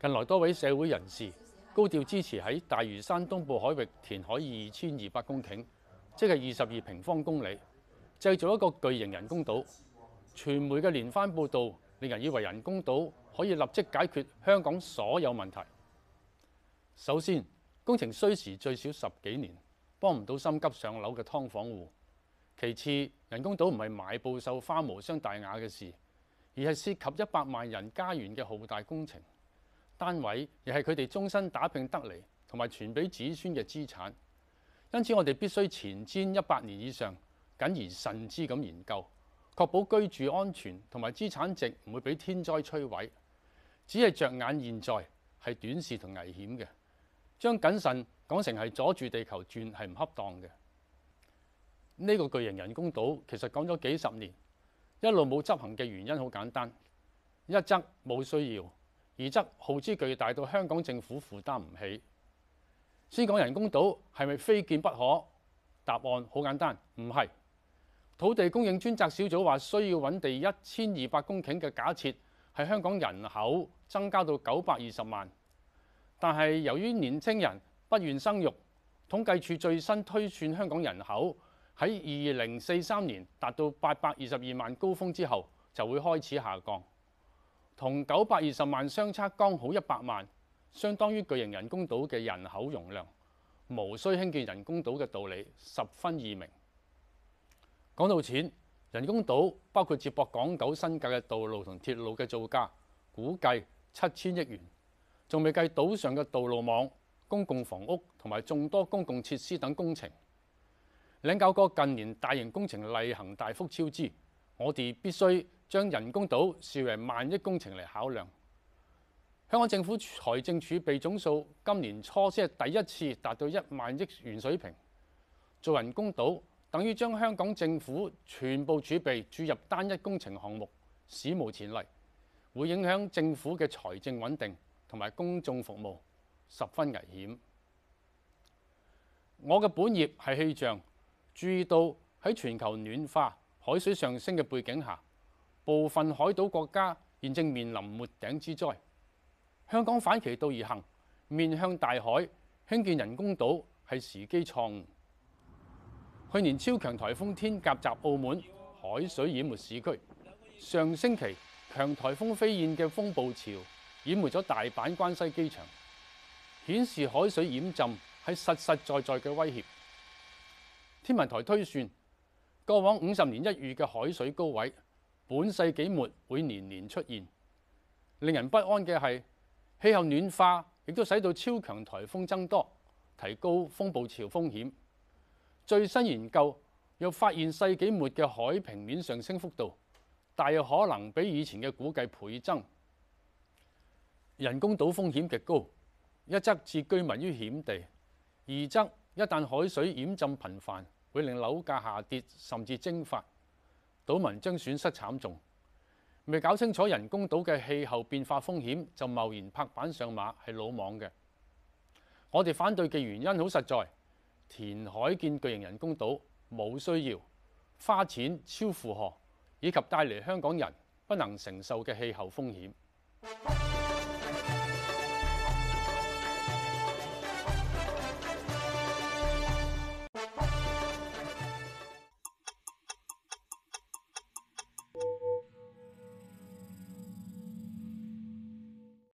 近來多位社會人士高調支持喺大嶼山東部海域填海二千二百公頃，即係二十二平方公里，製造一個巨型人工島。傳媒嘅連番報導，令人以為人工島可以立即解決香港所有問題。首先，工程需時最少十幾年，幫唔到心急上樓嘅劏房戶。其次，人工島唔係買布繡花無傷大雅嘅事，而係涉及一百萬人家園嘅浩大工程。單位亦係佢哋終身打拼得嚟，同埋傳俾子孫嘅資產。因此，我哋必須前瞻一百年以上，謹而慎之咁研究，確保居住安全同埋資產值唔會俾天災摧毀。只係着眼現在係短視同危險嘅，將謹慎講成係阻住地球轉係唔恰當嘅。呢個巨型人工島其實講咗幾十年，一路冇執行嘅原因好簡單，一則冇需要。而則耗資巨大到香港政府負擔唔起。先講人工島係咪非建不可？答案好簡單，唔係。土地供應專責小組話需要揾地一千二百公頃嘅假設係香港人口增加到九百二十萬，但係由於年輕人不願生育，統計處最新推算香港人口喺二零四三年達到八百二十二萬高峰之後就會開始下降。同九百二十萬相差剛好一百萬，相當於巨型人工島嘅人口容量，無需興建人工島嘅道理十分易明。講到錢，人工島包括接駁港九新界嘅道路同鐵路嘅造價，估計七千億元，仲未計島上嘅道路網、公共房屋同埋眾多公共設施等工程。領教過近年大型工程例行大幅超支，我哋必須將人工島視為萬億工程嚟考量，香港政府財政儲備總數今年初先係第一次達到一萬億元水平。做人工島等於將香港政府全部儲備注入單一工程項目，史無前例，會影響政府嘅財政穩定同埋公眾服務，十分危險。我嘅本業係氣象，注意到喺全球暖化、海水上升嘅背景下，部分海島國家現正面臨沒頂之災，香港反其道而行，面向大海興建人工島係時機錯誤。去年超強颱風天夾雜澳門海水淹沒市區，上星期強颱風飛燕嘅風暴潮淹沒咗大阪關西機場，顯示海水淹浸係實實在在嘅威脅。天文台推算，過往五十年一遇嘅海水高位，本世紀末會年年出現，令人不安嘅係氣候暖化，亦都使到超強颱風增多，提高風暴潮風險。最新研究又發現世紀末嘅海平面上升幅度，大有可能比以前嘅估計倍增。人工島風險極高，一則置居民於險地，二則一旦海水淹浸頻繁，會令樓價下跌甚至蒸發。島民將損失慘重，未搞清楚人工島嘅氣候變化風險就貿然拍板上馬係魯莽嘅。我哋反對嘅原因好實在，填海建巨型人工島冇需要，花錢超負荷，以及帶嚟香港人不能承受嘅氣候風險。